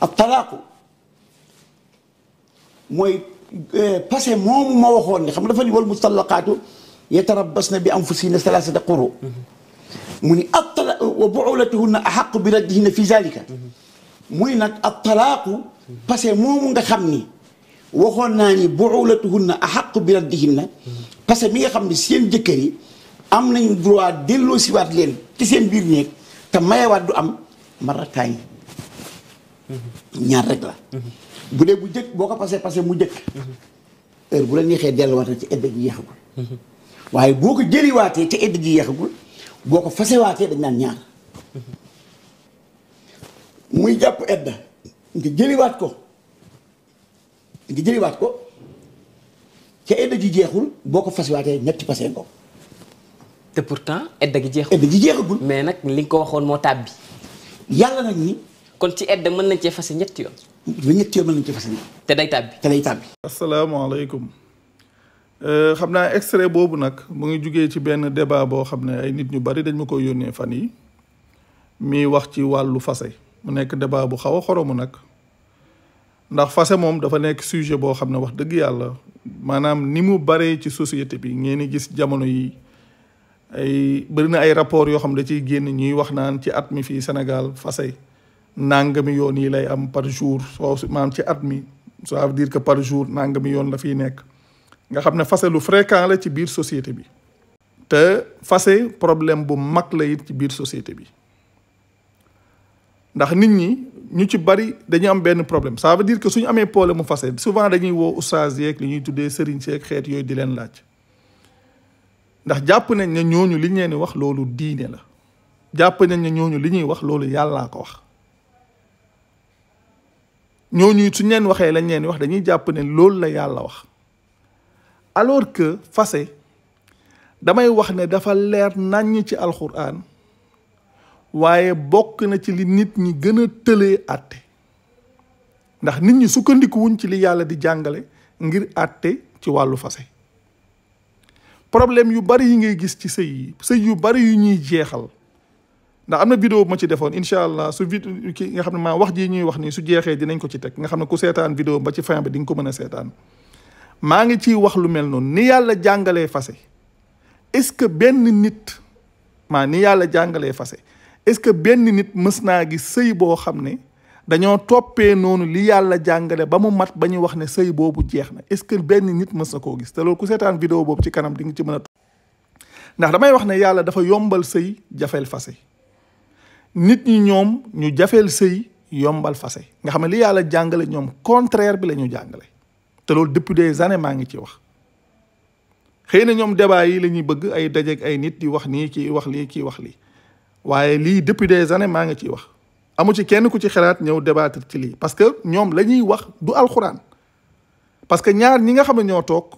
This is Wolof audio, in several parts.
ak talaaku mooy eh, passé moomu ma waxoon ne xam nga dafa ni wal mutallaqaatu yatarabbasna bi anfusihinna salaasata quru mu ni ab tala wa buulatuhunna axaqu bi raddihinna fi zalika muy nag ab talaaku passé moomu nga xam ni waxoon naa ni buulatuhunna axaqu bi raddihinna parce que mi nga xam ne seen jëkkër yi am nañu droit delloo siwaat leen ci seen biir néeg te mayewaat du am marataay ñaar rek la. bu dee bu jëkk boo ko passé passé mu jëkk. heure bu la neexee delluwaatee ci edd gi yeexagul. waaye boo ko jëliwaatee ci edd gi yeexagul boo ko fasewaatee dañ naan ñaar. muy jàpp edda nga jëliwaat ko nga jëliwaat ko ca ji jeexul boo ko fasewaatee ñetti passé nga ko. te pourtant edda gi jeexul edda gi jeexagul. mais nag li nga ko waxoon moo tàbbi. yàlla nag ni. kon ci aide mën nañ cee fase ñetti yoon. ba ñetti yoon mën nañ cee fase ñetti te day tàbbi te day tàbbi. asalaamaaleykum euh, xam naa extrait boobu nag mu ngi jugee ci benn débat boo xam ne ay nit ñu bari dañ ma ko yónnee fan yi muy wax ci wàllu fase mu nekk débat bu xaw a xoromu nag ndax fase moom dafa nekk sujet boo xam ne wax dëgg yàlla maanaam ni mu baree ci société bi ngeen di gis jamono yi ay bëri na ay rapport yoo xam ne da ciy génn ñuy wax naan ci at mi fii senegal fase nangami yoon yi lay am par jour soo maam ci at mi ça veut dire que par jour nangami yoon la fiy nekk nga xam ne fase lu fréquent la ci biir société bi te fase problème bu mag la it ci biir société bi ndax nit ñi ñu ci bari dañu am benn problème ça veut dire que suñu amee problème mu fase souvent dañuy woo oustaz yeeg li ñuy tuddee sëriñ seeg xeet yooyu di leen laaj ndax jàpp nañ ne ñooñu li ñu leen wax loolu diine la jàpp nañ ne ñooñu li ñuy wax loolu yàllaa ko wax ñooñu su leen waxee lañ leen wax dañuy jàpp ne loolu la yàlla wax alors que fase damay wax ne dafa leer naññ ci alxuraan waaye bokk na ci li nit ñi gën a tëlee àtte ndax nit ñi sukkandikuwuñ ci li yàlla di jàngale ngir àtte ci wàllu fase problème yu bari yi ngay gis ci sëy yi sëy yu bari yu ñuy jeexal ndax na vidéo bu ma defoon incha allah su vid ki nga xam ne maa wax jii ñuy wax nii su jeexee dinañ ko ci teg nga xam ne ku seetaan vidéo ba ci fin bi di nga a seetaan maa ngi ciy wax lu mel noonu ni yàlla jàngalee fase est-ce que benn nit maa ni yàlla jàngalee fase est-ce que benn nit mës naa gis sëy boo xam ne dañoo toppee noonu li yàlla jàngale ba mu mat ba ñu wax ne sëy boobu jeex na est-ce benn nit mës na koo gis te loolu ku seetaan vidéo boobu ci kanam di nga ci mën a ndax damay wax ne yàlla dafa yombal sëy jafeel fase nit ñi ñoom ñu jafeel sëy yombal fase nga xam ne li yàlla jàngale ñoom contraire bi la ñu jàngale te loolu depuis des années maa ngi ci wax xëy na ñoom débat yi la ñuy bëgg ay dajeeg ay nit di wax nii kii wax lii kii wax lii waaye lii depuis des années maa ngi ciy wax amu ci kenn ku ci xalaat ñëw débattre ci lii parce que ñoom la ñuy wax du alxuraan parce que ñaar ñi nga xam ne ñoo toog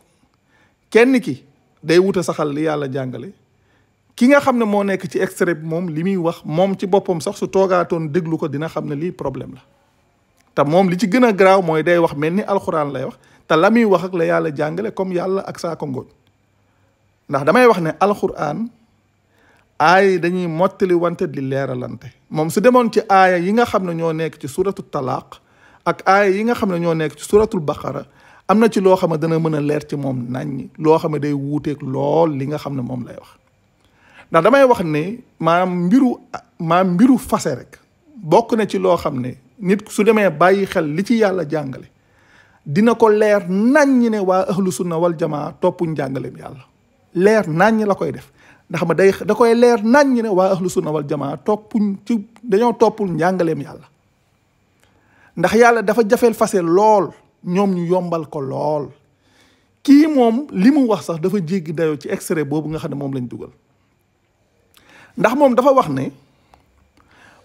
kenn ki day wut saxal li yàlla jàngale ki nga xam ne moo nekk ci extrait bi moom li muy wax moom ci boppam sax su toogaatoon déglu ko dina xam ne lii problème la te moom li ci gën a garaaw mooy day wax mel ni alxuraan lay wax te la muy wax ak la yàlla jàngale comme yàlla ak saako ndax damay wax ne alxuraan aaya dañuy mottali wante di leeralante moom su demoon ci aaya yi nga xam ne ñoo nekk ci suratul talaaq ak aaya yi nga xam ne ñoo nekk ci suratul baqara am na ci loo xam ne dana mën a leer ci moom naññ loo xam ne day wuuteeg lool li nga xam ne moom lay wax ndax damay wax ne maam mbiru maam mbiru fase rek bokk na ci loo xam ne nit su demee bàyyi xel li ci yàlla jàngale dina ko leer naññ ne waa ahlu sunna wal jamaa toppuñ jàngaleem yàlla leer naññ la koy def ndax ma day da koy leer naññ ne waa ahlu sunna wal jamaa toppuñ ci dañoo toppul njàngaleem yàlla ndax yàlla dafa jafeel fase lool ñoom ñu yombal ko lool kii moom li mu wax sax dafa jéggi dayoo ci extrait boobu nga xam ne moom lañ dugal ndax moom dafa wax ne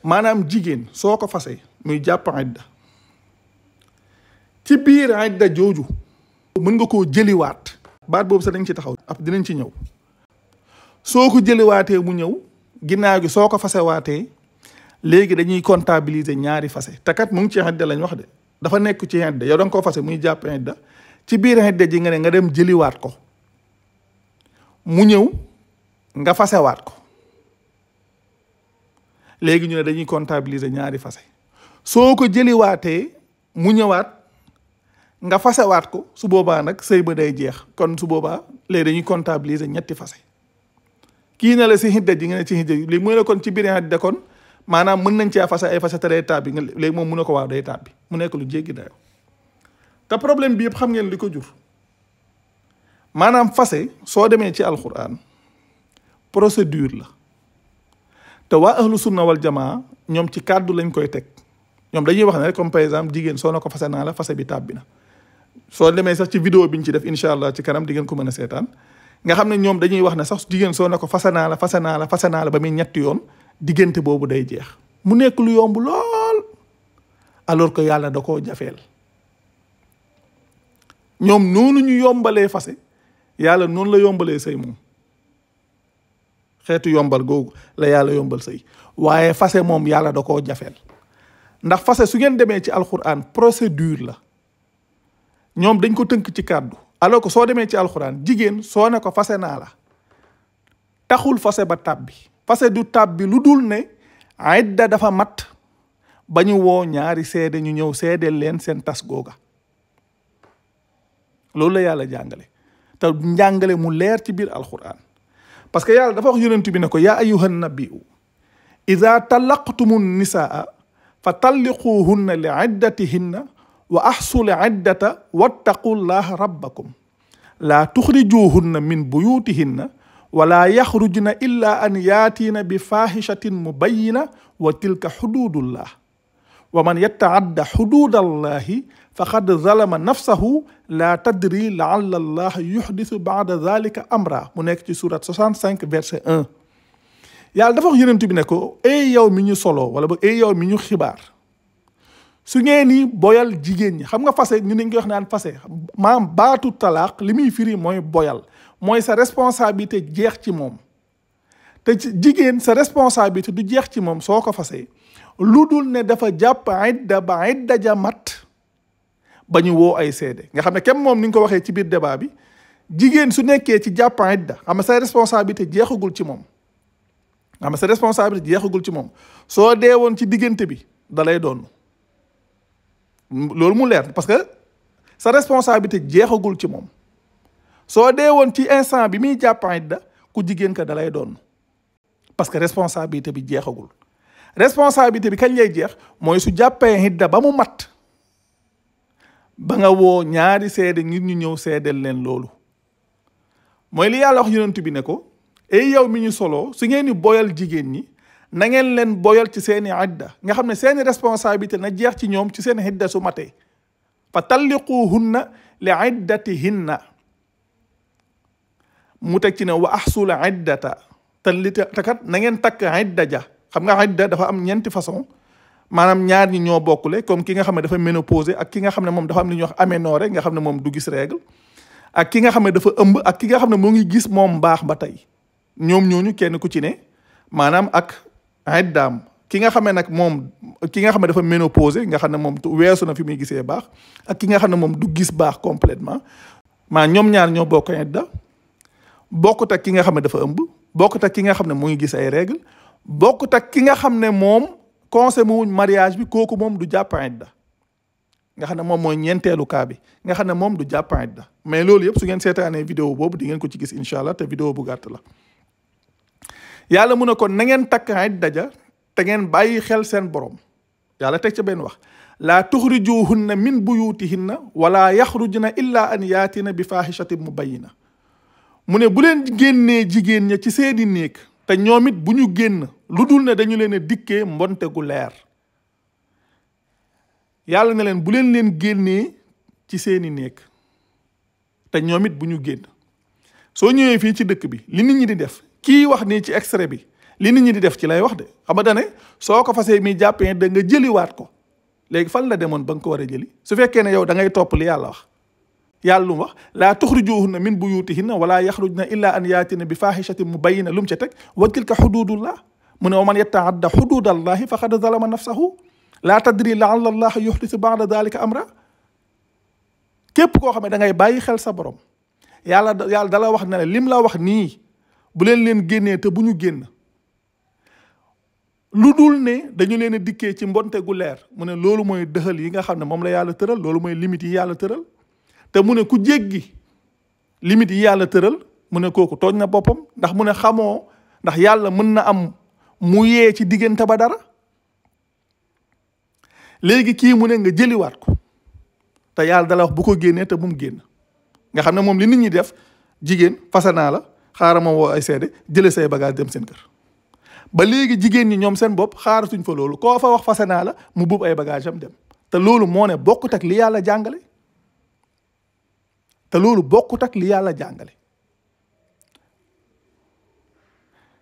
maanaam jigéen soo ko fasee muy jàpp idda ci biir idda jooju mën nga koo jëliwaat baat boobu sax dañ ci taxaw ab dinañ ci ñëw soo ko jëliwaatee mu ñëw ginnaaw gi soo ko fasewaatee léegi dañuy comptabiliser ñaari fase te kat mu ngi ci idda lañ wax de dafa nekk ci idda yow da nga koo fase muy jàpp idda ci biir idda ji nga ne nga dem jëliwaat ko mu ñëw nga fasewaat ko léegi ñu ne dañuy comptabiliser ñaari fase soo ko jëliwaatee mu ñëwaat nga fasewaat ko su boobaa nag sëy ba day jeex kon su boobaa léegi dañuy comptabiliser ñetti fase kii na la si xidda ji nga si xidda ji léegi mu ne la kon ci biir xidda kon maanaam mën nañ cee fase ay fase te day nga léegi moom mu ne ko waa day tàbbi mu nekk lu jéggi dayo te problème bi yëpp xam ngeen li ko jur maanaam fase soo demee ci alxuraan procédure la te waa ahlu sunna wal jamaa ñoom ci kàddu lañ koy teg ñoom dañuy wax ne rek comme par exemple jigéen soo na ko fase naa la fase bi tàbbi na soo demee sax ci vidéo bi ñu ci def incha allah ci kanam di ngeen ko a seetaan nga xam ne ñoom dañuy wax ne sax jigéen soo na ko fase naa la fase ba muy ñetti yoon diggante boobu day jeex mu nekk lu yomb lool alors que yàlla da koo jafeel ñoom noonu ñu yombalee fase yàlla noonu la yombalee say mo xeetu yombal googu la yàlla yombal sëy waaye fase moom yàlla da koo jafeel ndax fase su ngeen demee ci alxuraan procédure la ñoom dañ ko tënk ci kàddu alors soo demee ci alxuraan jigéen soo ne ko fase naa la taxul fase ba tàbbi fase du tàbbi lu dul ne idda dafa mat ba ñu woo ñaari seede ñu ñëw seede leen seen tas googa loolu la yàlla jàngale te njàngale mu leer ci biir alxuraan parce que yàlla dafa wax yonent bi ne ko yaa ayyuhan nabiyu ida talaqtumu nisaa fa talliquhunna li iddatihinna wa axsul iddata wattaqu llaha rabbakum laa tuxrijuhunna min buyutihinna wala yaxrujna illa an yaatiina bi faahishatin mubayina wa tilka xuduudullah wa man yattaadda xuduudallahi faqad zalama nafsahu la tadri laalla allah yuxdisu baada zalika amra mu nekk ci surat 65 verset 1 yàlla dafa wax yonent bi ne ko ay yow mi ñu solo wala ba ay yow mi ñu xibaar su ngeen ni boyal jigéen ñi xam nga fase ñu ni ngi koy wax naan fase maam baatu talaaq li muy firi mooy boyal mooy sa responsabilité jeex ci moom te ci jigéen sa responsabilité du jeex ci moom soo ko fase lu dul ne dafa jàpp idda ba idda ja mat ba ñu woo ay seede nga xam ne kenn moom ni nga ko waxee ci biir débat bi jigéen su nekkee ci jàppan idda xam nga sa ci moom xam nga sa responsabilité jeexagul ci moom soo dee woon ci diggante bi da doon loolu mu leer parce que sa responsabilité jeexagul ci moom soo dee woon ci instant bi muy jàppan idda ku jigéen ka dalay doon parce que responsabilité bi jeexagul responsabilité bi kañ lay jeex mooy su jàppee idda ba mu mat ba nga woo ñaari seede ngir ñu ñëw seedeel leen loolu mooy li yàlla wax yonent bi ne ko ay yow mi ñu solo su ngeen di boyal jigéen ñi na ngeen leen boyal ci seeni idda nga xam ne seeni responsabilité na jeex ci ñoom ci seen idda su matee fa talliquhunna li iddatihinna mu teg ci ne wa ahsul iddata te kat na ngeen takk idda ja xam nga idda dafa am ñeenti façon maanaam ñaar ñi ñoo bokkule comme ki nga xam ne dafa ménopausé ak ki nga xam ne moom dafa am li ñuy xam ne moom du gis règle ak ki nga xam ne dafa ëmb ak ki nga xam ne moo ngi gis moom baax ba tey ñoom ñooñu kenn ku ci ne maanaam ak iddaam ki nga xam nag moom ki nga xam ne dafa ménopausé nga xam ne moom weesu na fi muy gisee baax ak ki nga xam ne moom du gis baax complètement maa ñoom ñaar ñoo bokk idda bokkut ak ki nga xam ne dafa ëmb bokkut ak ki nga xam ne mu ngi gis ay règle bokkut ak ki nga xam ne moom consommé wuñ mariage bi kooku moom du jàpp idda nga xam ne moom mooy ñeenteelu cas bi nga xam ne moom du jàpp idda mais loolu yëpp su ngeen seetaanee vidéo boobu di ngeen ko ci gis incha allah te vidéo bu gàtt la yàlla mu ne kon na ngeen takk daja ja te ngeen bàyyi xel seen borom yàlla teg ca benn wax laa na bu tuxrijuhunna min buyutihinna wala yaxrujna illa an yaatina bi faahishatin sati mu na mu ne bu leen génnee jigéen ña ci seeni néeg te ñoomit bu ñu génn lu dul ne dañu leen a dikkee mbonte gu leer yàlla ne leen bu leen leen génnee ci seeni néeg te ñoom bu ñu génn soo ñëwee fii ci dëkk bi li nit ñi di def kii wax nii ci extrait bi li nit ñi di def ci lay wax de xam ne soo ko fasee mi jàppee da nga jëliwaat ko léegi fan la demoon ba nga ko war a jëli su fekkee ne yow da ngay topp li yàlla wax. yàlla lu wax laa tuxrijuhunna min buyutihinna wala yaxrujna illa an yaatina bi faahishatin mubayyina lu mu ca teg wa tilka xududullah mu ne wa man yataadda xududallahi faqad zalama nafsahu laa tadri laalla allaha yuxdisu baada dalika amra képp koo xam ne da ngay bàyyi xel sa borom yàlla yàlla dala wax ne lim la wax nii bu leen leen génnee te bu ñu génn lu dul ne dañu leen a dikkee ci mbonte gu leer mu ne loolu mooy dëxal yi nga xam ne moom la yàlla tëral loolu mooy limite yi yàlla tëral te mu ne ku jéggi limite yi yàlla tëral mu ne kooku tooñ na boppam ndax mu ne xamoo ndax yàlla mën na am mu yee ci diggante ba dara léegi kii mu ne nga jëliwaat ko te yàlla dala wax bu ko génnee te mu mu génn nga xam ne moom li nit ñi def jigéen fase naa la xaaral ma woo ay seede jële say bagage dem seen kër ba léegi jigéen ñi ñoom seen bopp xaaratuñ fa loolu koo fa wax fase la mu buub ay bagage am dem te loolu moo ne bokkut ak li yàlla jàngale te loolu bokkut ak li yàlla jàngale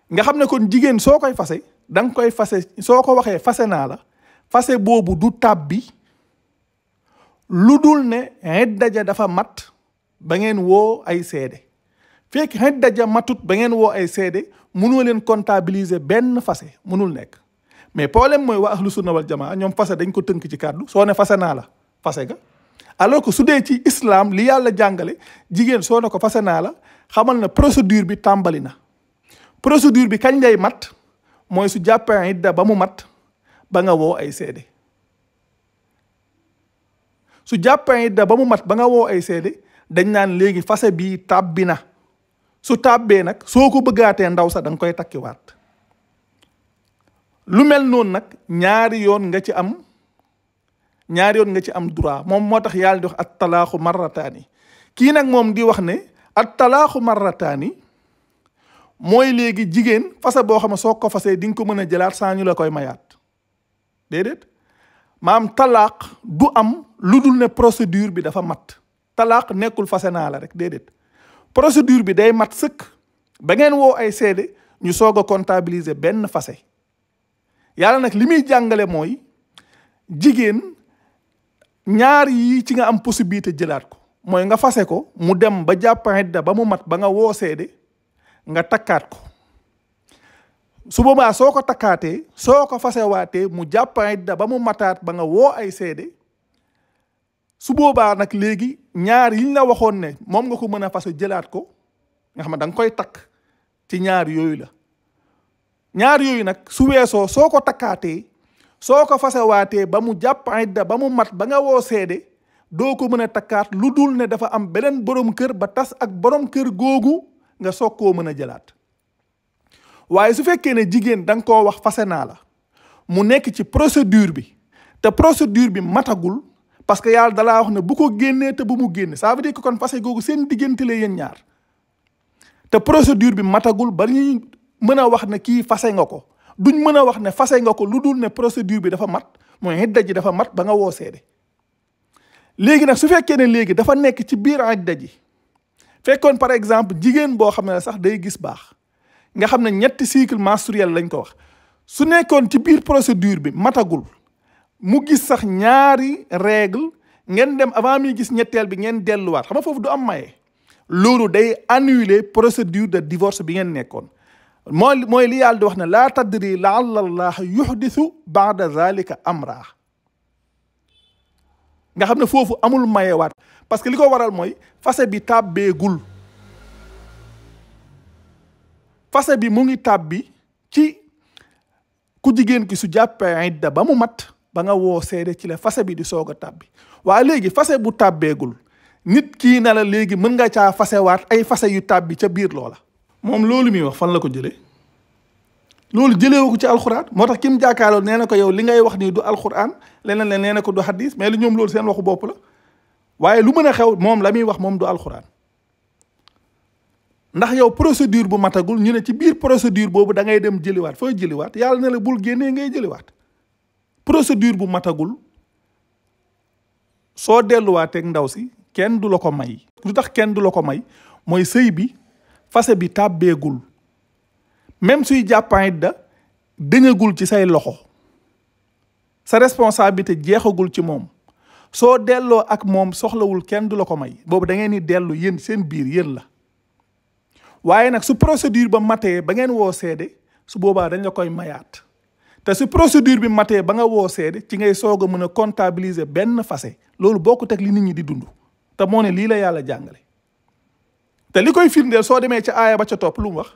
nga xam ne kon jigéen soo koy fase da koy fase soo ko waxee fase naa la fase boobu du tàbbi lu dul ne idda ja dafa mat ba ngeen woo ay seede fekk idda ja matut ba ngeen woo ay seede mënoo leen comptabiliser benn fase mënul nekk mais problème mooy waa ahlu sunna wal jamaa ñoom fase dañ ko tënk ci kàddu soo ne fase naa la fase ga alors que su dee ci islam li yàlla jàngale jigéen soo ne ko fase naa la xamal na procédure bi tàmbali na procédure bi kañ lay mat mooy su jàppee idda ba mu mat ba nga woo ay seede su jàppee ba mu mat ba nga woo ay seede dañ naan léegi fase bi tàbbi na su tàbbee nag soo ko bëggaatee ndaw sa da koy takkiwaat lu mel noon nag ñaari yoon nga ci am ñaari yoon nga ci am droit moom moo tax yàlla di wax at talaaxu marrataani kii nag moom di wax ne at talaaxu marrataani mooy léegi jigéen fase boo xam ne soo ko fasee di nga ko mën a jalaat saa ñu la koy mayaat déedéet maam talaax du am lu dul ne procédure bi dafa mat talaax nekkul fase naa la rek déedéet procédure bi day mat sëkk ba ngeen woo ay seede ñu soog a comptabiliser benn fase yàlla nag li muy jàngale mooy jigéen ñaar yi ci nga am possibilité jëlaat ko mooy nga fase ko mu dem ba jàpp idda ba mu mat ba nga woo seede nga takkaat ko su boobaa soo ko takkaatee soo ko fasewaatee mu jàpp idda ba mu mataat ba nga woo ay seede su boobaa nag léegi ñaar yiñ la waxoon ne moom nga ko mën a fase jëlaat ko nga xam ne da koy takk ci ñaar yooyu la ñaar yooyu nag su weesoo soo ko takkaatee soo ko fasewaatee ba mu jàpp idda ba mu mat ba nga woo seede doo ko mën a takkaat lu dul ne dafa am beneen borom kër ba tas ak borom kër googu nga soog koo mën a jëlaat waaye su fekkee ne jigéen da nga koo wax fase naa la mu nekk ci procédure bi te procédure bi matagul parce que yàlla dalaa wax ne bu ko génnee te bu mu génne ça veut dire ko kon fase googu seen diggante la yéen ñaar te procédure bi matagul ba ñu mën a wax ne kii fase nga ko duñ mën a wax ne fase nga ko lu dul ne procédure bi dafa mat mooy idda ji dafa mat ba nga woo seede léegi nag su fekkee ne léegi dafa nekk ci biir idda ji fekkoon par exemple jigéen boo xam ne sax day gis baax nga xam ne ñetti cycle menstruel lañ ko wax su nekkoon ci biir procédure bi matagul mu gis sax ñaari règle ngeen dem avant muy gis ñetteel bi ngeen delluwaat xam nga foofu du am maye. loolu day annuler procédure de divorce bi ngeen nekkoon mooy mooy li yàlla di wax ne la tadri laalla allah yuxdisu baada zalika amra nga xam ne foofu amul mayewaat parce que li ko waral mooy fase bi tàbbeegul fase bi mu ngi tàbbi ci ku jigéen ki su jàppee idda ba mu mat ba nga woo seede ci la fase bi di soog a tàbbi waaye léegi fase bu tàbbeegul nit kii na la léegi mën nga caa fasewaat ay fase yu tabbi ca biir loola moom loolu muy wax fan la ko jëlee loolu jëleewu ko ci alxuraan moo tax ki mu jàkkaarloo nee na ko yow li ngay wax nii du alxuraan leneen la nee na ko du xadis mais lu ñoom loolu seen waxu bopp la waaye lu mën a xew moom la muy wax moom du alxuraan ndax yow procédure bu matagul ñu ne ci biir procédure boobu dangay ngay dem jëliwaat fooy jëliwaat yàlla ne la bul génnee ngay jëliwaat procédure bu matagul soo delluwaatee ak ndaw si kenn du la ko may. lu tax kenn du la ko may mooy sëy bi. fase bi tàbbeegul même suy jàppan it da dëñagul ci say loxo sa responsabilité jeexagul ci moom soo delloo ak moom soxlawul kenn du la ko may boobu dangeen ngeen di dellu yéen seen biir yéen la waaye nag su procédure ba matee ba ngeen woo seede su boobaa dañ la koy mayaat te su procédure bi matee ba nga woo seede ci ngay soog a mën a comptabiliser benn fase loolu bokkut teg li nit ñi di dund te moo ne lii la yàlla jàngale te li koy firndeel soo demee ca aaya ba ca topp lu mu wax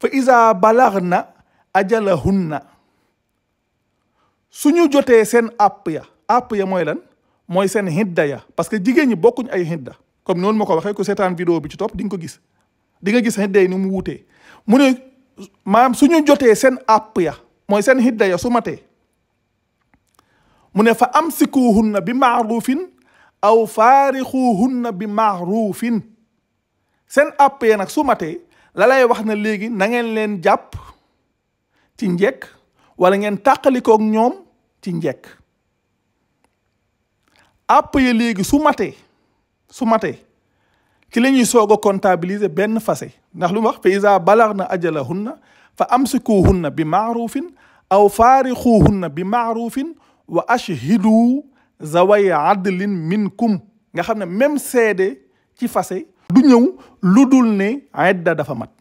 fa isa balax na ajalahunna suñu jotee seen àpp ya àpp ya mooy lan mooy seen hidda ya parce que jigéen ñi bokkuñ ay hidda comme noonu ma ko waxee ko seetaan vidéo bi ci topp di ko gis di nga gis hidda yi ni mu wutee mu ne maanaam suñu jotee seen àpp ya mooy seen hidda ya su matee mu ne fa amsikuhunna bi maarufin aw faarixuhunna bi maarufin seen app yee nag su matee wax na léegi nangeen leen jàpp ci njekk wala ngeen tàqalikook ñoom ci njekk app ya léegi su matee su matee ci la ñuy soog a comptabiliser benn fase ndax lu mu wax fa isa balar na ajalahunna fa amsikuhunna bi maarufin aw faarixuhunna bi maarufin wa ashhidu zaway adlin minkum nga xam ne même seede ci fase ñëw lu dul ne idda dafa mat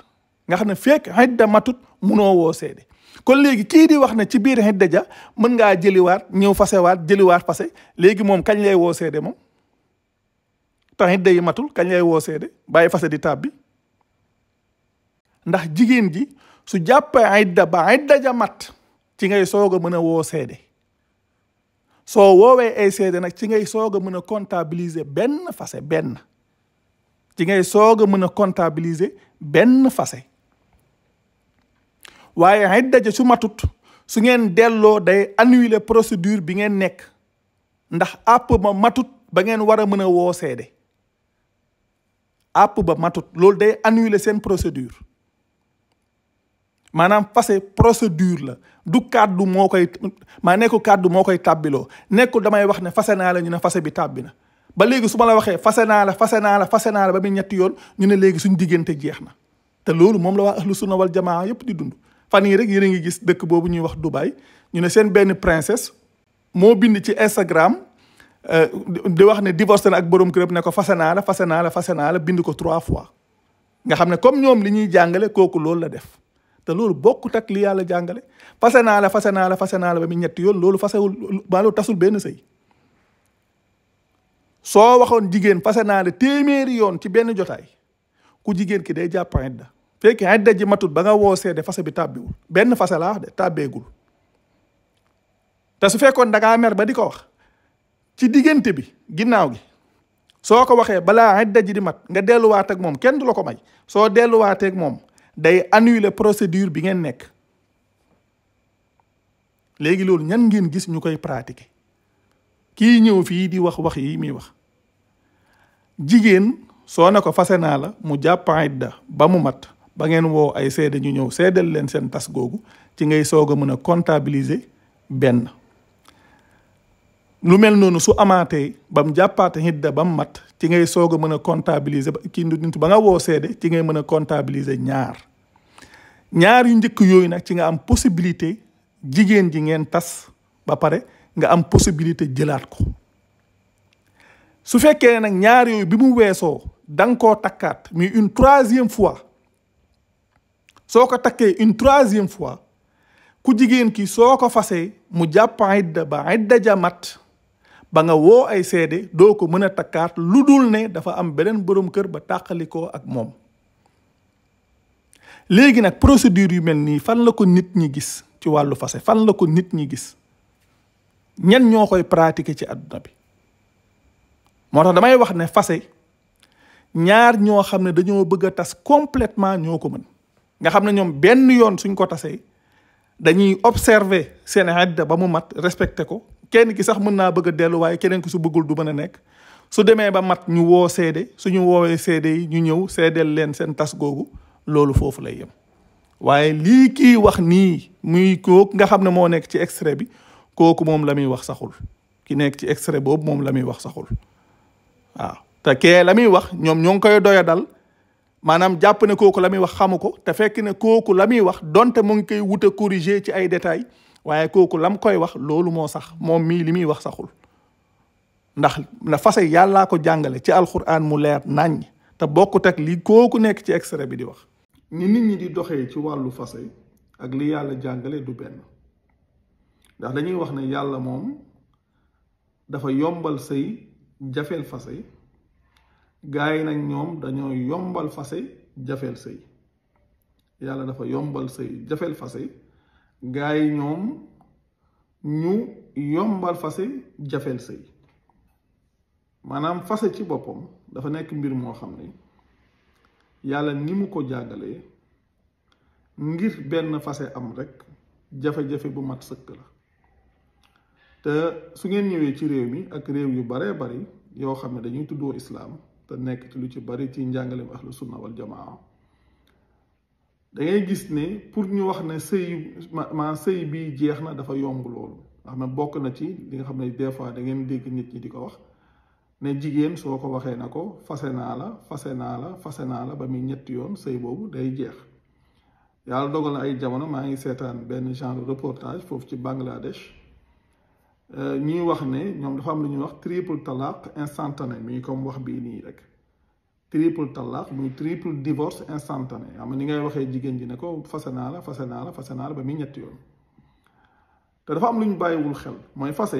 nga xam ne fekk idda matut munoo woo seede kon léegi kii di wax na ci biir idda ja mën ngaa jëliwaat ñëw fasewaat jëliwaat fase léegi moom kañ lay woo seede moom te idda yi matul kañ lay woo seede bàyyi fase di tàbbi ndax jigéen ji su jàppee idda ba idda ja mat ci ngay soog a mën a woo seede soo woowee ay seede nag ci ngay soog a mën a comptabiliser benn fase benn ci ngay soog a mën a comptabiliser benn fase waaye xëy daje su matut su ngeen delloo day annuler procédure bi ngeen nekk ndax àpp ba matut ba ngeen war a mën a woo seede app ba matut loolu day annuler seen procédure maanaam fase procédure la du kàddu moo koy maa nekku kàddu moo koy tàbbiloo nekkul damay wax ne fase naa la ñu ne fase bi tàbbi na ba léegi su ma la waxee fase naa la fase naa la ba muy ñett yoon ñu ne léegi suñ diggante jeex na te loolu moom la waa ahlu sunna wal jamaa yëpp di dund fan yii rek yéen a ngi gis dëkk boobu ñuy wax Dubaï ñu ne seen benn princesse moo bind ci Instagram euh, di wax ne divorcé na ak borom këram ne ko fase naa la fase naa la fase naa la ko trois fois nga xam ne comme ñoom li ñuy jàngale kooku loolu la def te loolu bokkut ak li yàlla jàngale fase naa la fase naa la fase naa la ba muy ñetti yoon loolu fasewul baa loolu tasul benn sëy soo waxoon jigéen fase naa la téeméeri yoon ci benn jotaay ku jigéen ki day jàpp xedda fekk xedda ji matut ba nga woo de fase bi tàbbiwul benn fase laa de tàbbeegul te su fekkoon da ngaa mer ba di ko wax ci diggante bi ginnaaw gi soo ko waxee balaa xedda ji di mat nga delluwaat ak moom kenn du la ko may soo delluwaatee moom day annuler procédure bi ngeen nekk léegi loolu ñan ngeen gis ñu koy pratique kii ñëw fii di wax wax yi muy wax jigéen soo na ko fase naa la mu jàpp idda ba mu mat ba ngeen woo ay seede ñu ñëw seedal leen seen tas googu ci ngay soog a mën a comptabiliser benn lu mel noonu su amaatee ba mu jàppaate da ba mu mat ci ngay soog a mën a comptabiliser ba kii nit ba nga woo seede ci ngay mën a comptabiliser ñaar ñaar yu njëkk yooyu nag ci nga am possibilité jigéen ji ngeen tas ba pare nga am possibilité jëlaat ko su fekkee nag ñaar yooyu bi mu weesoo da koo takkaat mais une troisième fois soo ko takkee une troisième fois ku jigéen ki soo ko fasee mu jàpp idda ba idda jamat ba nga woo ay seede doo ko mën a takkaat lu dul ne dafa am beneen borom kër ba tàqalikoo ak moom léegi nag procédure yu mel nii fan la ko nit ñi gis ci wàllu fase fan la ko nit ñi gis ñan ñoo koy pratiquer ci adduna bi moo tax damay wax ne fase ñaar ñoo xam ne dañoo bëgg a tas complètement ñoo ko mën nga xam ne ñoom benn yoon suñ ko tasee dañuy observer seen adda ba mu mat respecté ko kenn ki sax mën naa bëgg a dellu waaye keneen ki su bëggul du mën a nekk su demee ba mat ñu woo seede suñu woowee seede yi ñu ñëw seedeel leen seen tas googu loolu foofu lay yem waaye lii kii wax nii muy kooku nga xam ne moo nekk ci extrait bi kooku moom la muy wax saxul ki nekk ci extre boobu moom la muy wax saxul waaw te kee la muy wax ñoom ñoo ngi koy doya dal maanaam jàpp ne kooku la muy wax xamu ko te fekk ne kooku la muy wax donte mu ngi koy wut a ci ay détails waaye kooku lam koy wax loolu moo sax moom mii li muy wax saxul ndax na fase yàllaa ko jàngale ci alxuraan mu leer naññ te bokkut ak li kooku nekk ci extre bi di wax. ni nit di doxee ci wàllu fase ak li yàlla jàngale du benn. ndax dañuy wax ne yàlla moom dafa yombal sëy jafeel fase gaa yi nag ñoom dañoo yombal fase jafeel sëy yàlla dafa yombal sëy jafeel fase gaa yi ñoom ñu yombal fase jafeel sëy maanaam fase ci boppam dafa nekk mbir moo xam ne yàlla ni mu ko jàggalee ngir benn fase am rekk jafe-jafe bu mat sëkk la te su ngeen ñëwee ci réew mi ak réew yu baree bari yoo xam ne dañuy tuddoo islaam te nekk ci lu ci bari ci njàngaleem ahlu sunna wal jamaa da ngay gis ne pour ñu wax ne sëy ma sëy bi jeex na dafa yomb loolu nga xam ne bokk na ci li nga xam ne des fois da ngeen dégg nit ñi di ko wax ne jigéen soo ko waxee na ko fase naa la fase naa la fase naa la ba muy ñetti yoon sëy boobu day jeex yàlla dogal na ay jamono maa ngi seetaan benn genre reportage foofu ci Bangladesh Euh, ñuy wax ne ñoom dafa am lu ñuy wax triple talaq instantané mi ngi comme wax bii nii rek triple talaq muy triple divorce instantané xam nga ni ngay waxee jigéen ji ne ko fase naa la fase naa la fase naa la ba muy ñetti yoon te dafa am lu ñu bàyyiwul xel mooy fase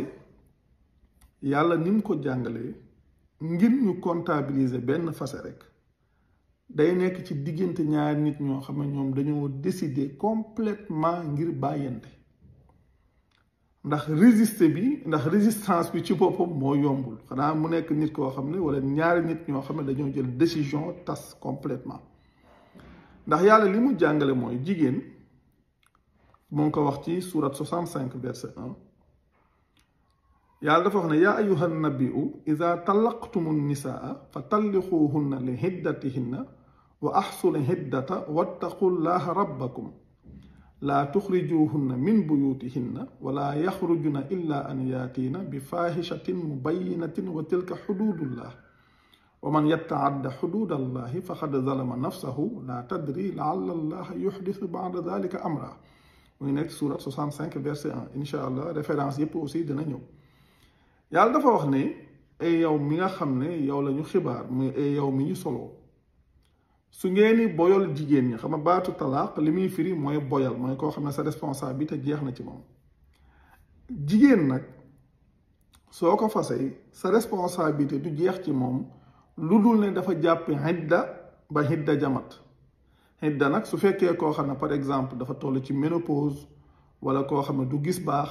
yàlla ni mu ko jàngalee ngir ñu comptabiliser benn fase day nekk ci diggante ñaari nit ñoo xam ne ñoom dañoo décider complètement ngir bàyyante ndax résister bi ndax résistance bi ci boppam moo yombul xanaa mu nekk nit koo xam ne wala ñaari nit ñoo xam ne dañoo jël décision tas complètement ndax yàlla li mu jàngale mooy jigéen moo ngi ko wax ci surat 65 verset 1 yàlla dafa wax ne yaa ayuha nabiu ida talaqtumu nisaa fa tallixuhunna li hiddatihinna wa axsul hiddata wattaqullaha rabbakum laa tuxrijuhunna min buyutihinna wala yaxrujuna illa an yaatiina bi faahishatin mubayinatin wa tilka xududullah wa man yattaadda xududallahi faqad zalama nafsahu laa tadri laalla allaha yuxdisu bada dalika amra mu ngi nekk surat 65 verset 1 incha allah référence yépp aussi dina ñëw yàlla dafa wax ne ay yow mi nga xam ne yow la ñu xibaar muy yow mi ñu soloo su ngeeni boyal jigéen ñi xam nga baatu talaaq li muy firi mooy boyal mooy koo xam ne sa responsabilité jeex na ci moom jigéen nag soo ko fasee sa responsabilité du jeex ci moom lu dul ne dafa jàpp xidda ba xidda jamat xidda nag su fekkee koo xam ne par exemple dafa toll ci ménopause wala koo xam ne du gis baax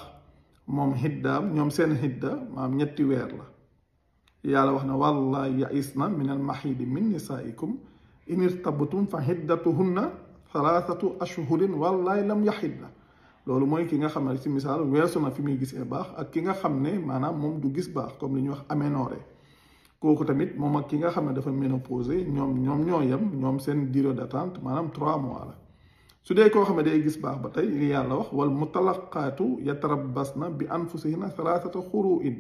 moom xiddaam ñoom seen xidda maam ñetti weer la yàlla wax na wallahi ya'isna min al mahidi min nisaikum in irtabtum fa hiddatuhunna thalathatu ashhurin wallaay lam yahidna loolu mooy ki nga xam ne ci misaal weesu na fi muy gisee baax ak ki nga xam ne maanaam moom du gis baax comme li ñuy wax aménorrhée kooku tamit moom ak ki nga xam ne dafa ménopausé ñoom ñoom ñoo yem ñoom seen durée d'attente maanaam trois mois la su dee koo xam ne day gis baax ba tey li yàlla wax wal mutalaqaatu yatarabbasna bi anfusihinna thalathata xuru'in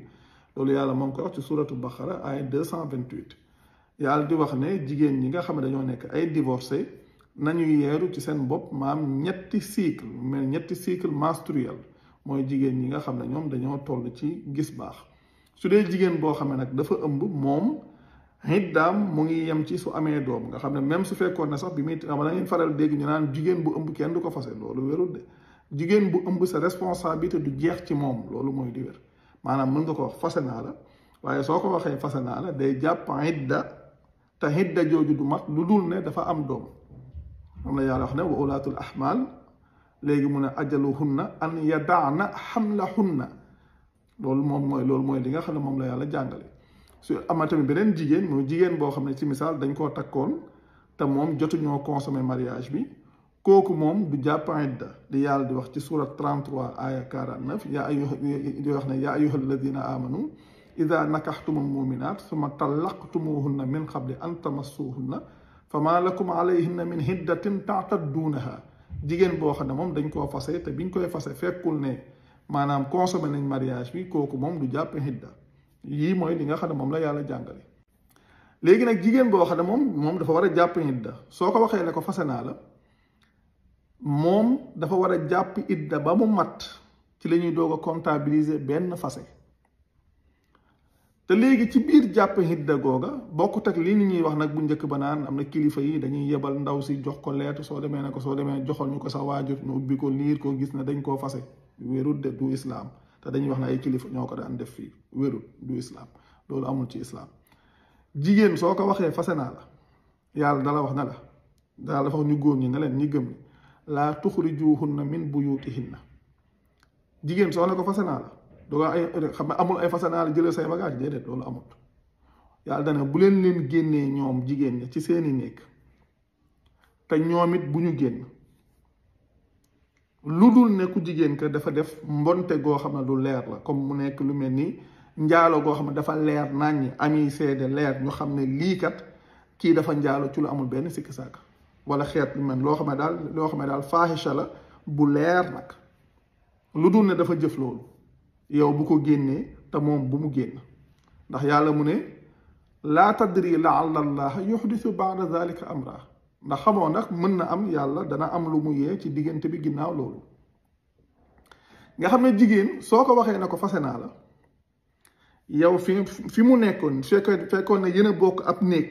loolu yàlla moom ko wax ci suratu baqara ay 228 yàlla di wax ne jigéen ñi nga xam ne dañoo nekk ay divorcé nañu yeeru ci seen bopp maam ñetti cycle mais ñetti cycle menstruel mooy jigéen ñi nga xam ne ñoom dañoo toll ci gis baax su dee jigéen boo xam ne nag dafa ëmb moom iddaam mu ngi yem ci su amee doom nga xam ne su fekkoon ne sax bi muy xam na faral dégg ñu naan jigéen bu ëmb kenn du ko fase loolu wérul de jigéen bu ëmb sa responsabilité du jeex ci moom loolu mooy di wér maanaam mën nga ko wax fase naa la waaye soo ko waxee fase naa la day jàpp te xidda jooju du mag lu dul ne dafa am doom moom la yàlla wax ne wa ulaatul ahmaal léegi mu ne ajaluhunna an yadaana xamlahunna loolu moom mooy loolu mooy li nga xam ne moom la yàlla jàngale su ama tamit beneen jigéen muy jigéen boo xam ne ci misaal dañ koo takkoon te moom jotuñoo consommer mariage bi kooku moom du jàpp idda di yàlla di wax ci surat 33 aya 49 yaa ayu di wax ne yaa ayuha alladina amanu ida nakaxtuma muminaat suma tallaqtumuhunna min xable an tamassuhunna fa maa lakum alayhinna min hiddatin taatadduunaha jigéen boo xam ne moom dañ koo fase te biñ koy fase fekkul ne maanaam consommé nañ mariage bi kooku moom du jàpp hidda yii mooy li nga xam ne moom la yàlla jàngale léegi nag jigéen boo xam ne moom moom dafa war a jàpp hidda soo ko waxee ne ko fase moom dafa war a jàpp idda ba mu mat ci lañuy ñuy doog a comptabiliser benn fase te léegi ci biir jàpp hidda googa bokkut ak lii ni ñuy wax nag bu njëkk ba naan am na kilifa yi dañuy yebal ndaw si jox ko leetu soo demee ne ko soo demee joxal ñu ko sa waajur ñu ubbi ko liir ko gis ne dañ koo fase wérut de du islaam te dañuy wax ne ay kilifa ñoo ko daan def fii wérut du islaam loolu amul ci islaam jigéen soo ko waxee fase naa la yàlla dala wax na la dala dafa wax ñu góor ñi ne leen ñi gëm laa na min bu buyutihinna jigéen soo ne ko fase naa la doo ay xam nga amul ay fasanaal jëlee say bagage déedéet loolu amut yàlla dana bu leen leen génnee ñoom jigéen ci seeni néeg te ñoom it bu ñu génn lu dul ne dafa def mbonte goo xam ne lu leer la comme mu nekk lu mel ni njaalo goo xam ne dafa leer naññi ami seede leer ñu xam ne lii kat kii dafa njaalo ci lu amul benn sikki sàkk wala xeet lu mel loo xam ne daal loo xam ne daal faahisha la bu leer nag lu dul ne dafa jëf loolu yow bu ko génnee te moom bu mu génn ndax yàlla mu ne laa tadri laalla allaha yuxdisu baada dalika amra ndax xamoo nag mën na am yàlla dana am lu mu yee ci diggante bi ginnaaw loolu nga xam ne jigéen soo ko waxee na ko fase naa la yow fi fi mu nekkoon fekkoon fekkoon ne yéen a bokk ab néeg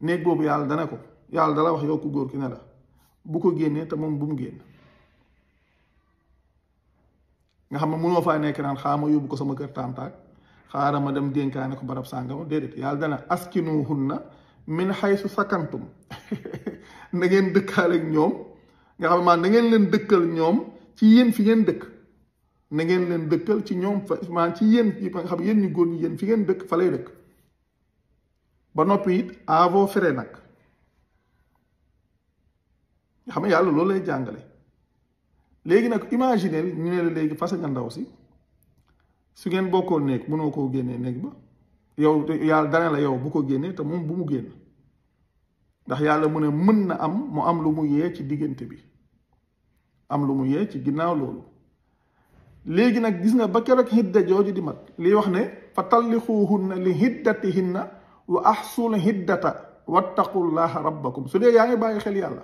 néeg boobu yàlla dana ko yàlla dala wax yow ku góor ki ne la bu ko génnee te moom bu mu génn nga xam ne mënoo faa nekk naan xaama yóbbu ko sama kër tàntaak xaaral ma dem dénkaane ko barab sàngama déedéet yàlla dana askinuhunna min haythu sakantum na ngeen dëkkaale ñoom nga xam ne maanaam ngeen leen dëkkal ñoom ci yéen fi ngeen dëkk na ngeen leen dëkkal ci ñoom fa maanaam ci yéen nga xam yéen ñu góor ñi yéen fi ngeen dëkk fa lay dëkk ba noppi it à vos nag nga xam yàlla loolu lay jàngale léegi nag imaginer ñu ne la léegi fase nga ndaw si su ngeen bokkoo néeg mënoo koo génnee néeg ba yow yàlla dana la yow bu ko génnee te moom bu mu génn ndax yàlla mu ne mën na am mu am lu mu yee ci diggante bi am lu mu yee ci ginnaaw loolu léegi nag gis nga ba keroog hidda jooju di mat liy wax ne fa tallixuhunna li hiddatihinna wa ahsul hiddata wattaqullaha rabbakum su dee yaa ngi bàyyi xel yàlla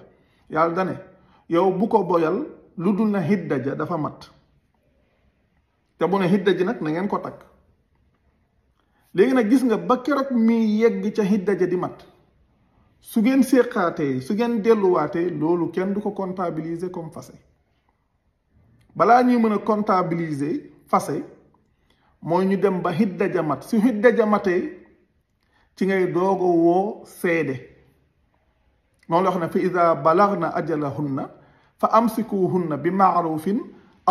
yàlla dane yow bu ko boyal lu dul na xidda ja dafa mat te bu ne xidda nag na ngeen ko takk léegi nag gis nga ba keroog mi yegg ca xidda di mat su ngeen séqaatee su ngeen delluwaatee loolu kenn du ko comptabiliser comme fase balaa ñuy mën a comptabiliser fase mooy ñu dem ba xidda ja mat su xidda ja matee ci ngay doogo woo seede moom la wax ne fa iza balagna na fa amsikuhunna bi maarufin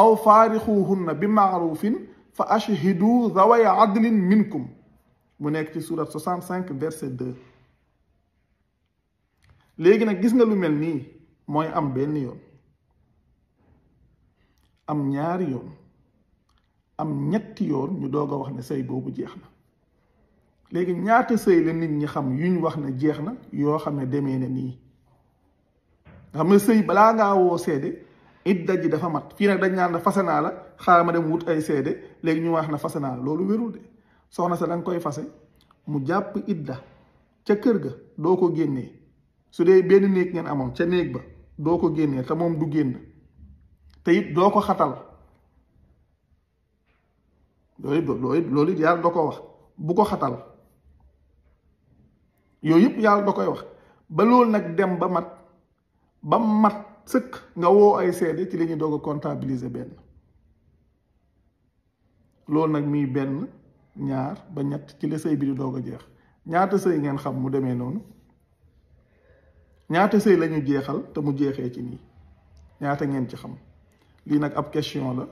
aw faarixuhunna bi maarufin fa ashhidu zaway adlin minkum mu nekk ci surat 65 verset 2 léegi nag gis nga lu mel nii mooy am benn yoon am ñaari yoon am ñetti yoon ñu doog a wax ne sëy boobu jeex na léegi ñaata sëy la nit ñi xam yuñ wax ne jeex na yoo xam ne demee na nii xam ne sëy balaa ngaa woo seede idda ji dafa mat fii nag dañ naan na fase naa la xaaral ma dem wut ay seede léegi ñu wax na fase naa la loolu wérul de soxna sa danga koy fase mu jàpp it da ca kër ga doo ko génnee su dee benn néeg ngeen amoon ca néeg ba doo ko génnee te moom du génn te it doo ko xatal loolu it ko wax bu ko xatal yooyu yëpp yàlla da koy wax ba loolu nag dem ba mat ba mat sëkk nga woo ay seede ci lañuy ñuy doog a comptabiliser benn loolu nag mii benn ñaar ba ñett ci la sëy bi di doog a jeex ñaata sëy ngeen xam mu demee noonu ñaata sëy lañu jeexal te mu jeexee ci nii ñaata ngeen ci xam lii nag ab question la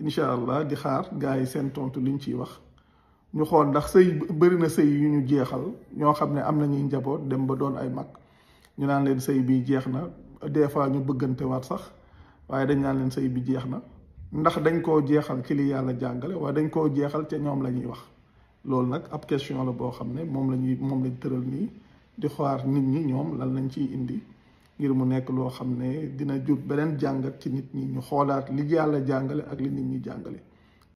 incha allah di xaar gars yi seen tontu liñ ciy wax ñu xool ndax sëy bëri na sëy yu ñu jeexal ñoo xam ne am nañuy njaboot dem ba doon ay mag ñu naan leen sëy bi jeex na des fois ñu bëggante waat sax waaye dañ naan leen sëy bi jeex na ndax dañ koo jeexal ci li yàlla jàngale waaye dañ koo jeexal ca ñoom la ñuy wax loolu nag ab question la boo xam ne moom la ñuy moom lañ tëral nii di xaar nit ñi ñoom lan lañ ciy indi ngir mu nekk loo xam ne dina jur beneen jàngat ci nit ñi ñu xoolaat li yàlla jàngale ak li nit ñi jàngale